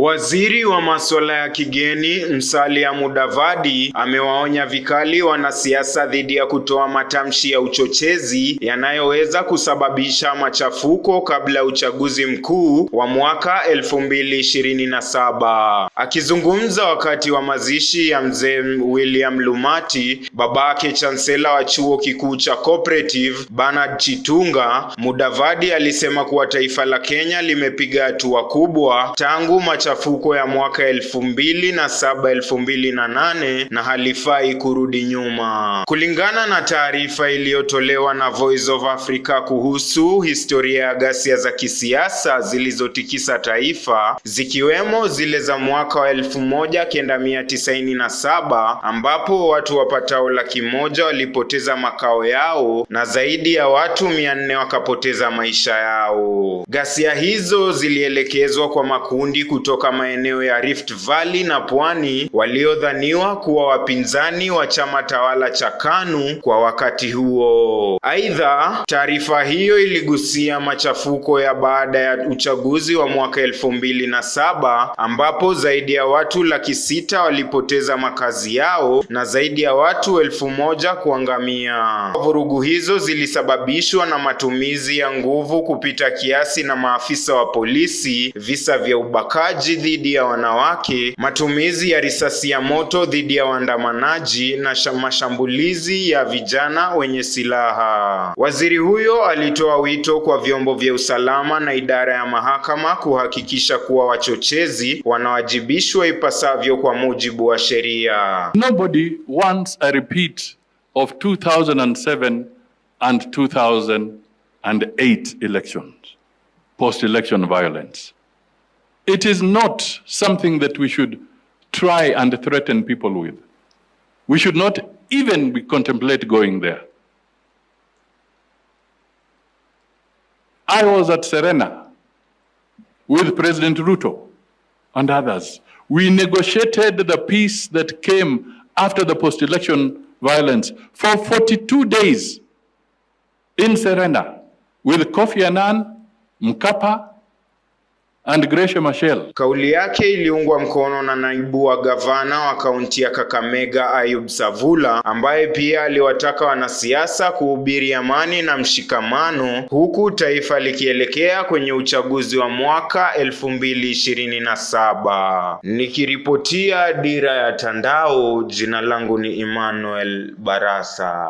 Waziri wa masuala ya kigeni Musalia Mudavadi amewaonya vikali wanasiasa dhidi ya kutoa matamshi ya uchochezi yanayoweza kusababisha machafuko kabla ya uchaguzi mkuu wa mwaka 2027. Akizungumza wakati wa mazishi ya mzee William Lumati, babake chansela wa chuo kikuu cha Cooperative Bernard Chitunga, Mudavadi alisema kuwa taifa la Kenya limepiga hatua kubwa tangu machafuko machafuko ya mwaka elfu mbili na saba elfu mbili na nane na halifai kurudi nyuma. Kulingana na taarifa iliyotolewa na Voice of Africa kuhusu historia ya ghasia za kisiasa zilizotikisa taifa zikiwemo zile za mwaka wa elfu moja kenda mia tisaini na saba ambapo watu wapatao laki moja walipoteza makao yao na zaidi ya watu mia nne wakapoteza maisha yao. Ghasia hizo zilielekezwa kwa makundi kutoka kutoka maeneo ya Rift Valley na Pwani waliodhaniwa kuwa wapinzani wa chama tawala cha KANU kwa wakati huo. Aidha, taarifa hiyo iligusia machafuko ya baada ya uchaguzi wa mwaka elfu mbili na saba ambapo zaidi ya watu laki sita walipoteza makazi yao na zaidi ya watu elfu moja kuangamia. Vurugu hizo zilisababishwa na matumizi ya nguvu kupita kiasi na maafisa wa polisi, visa vya ubakaji mauaji dhidi ya wanawake, matumizi ya risasi ya moto dhidi ya waandamanaji na mashambulizi ya vijana wenye silaha. Waziri huyo alitoa wito kwa vyombo vya usalama na idara ya mahakama kuhakikisha kuwa wachochezi wanawajibishwa ipasavyo kwa mujibu wa sheria. Nobody wants a repeat of 2007 and 2008 elections. Post-election violence. It is not something that we should try and threaten people with. We should not even contemplate going there. I was at Serena with President Ruto and others. We negotiated the peace that came after the post election violence for 42 days in Serena with Kofi Annan, Mkapa, and Gresham Machel. Kauli yake iliungwa mkono na naibu wa gavana wa kaunti ya Kakamega Ayub Savula ambaye pia aliwataka wanasiasa kuhubiri amani na mshikamano huku taifa likielekea kwenye uchaguzi wa mwaka 2027. Nikiripotia Dira ya Tandao, jina langu ni Emmanuel Barasa.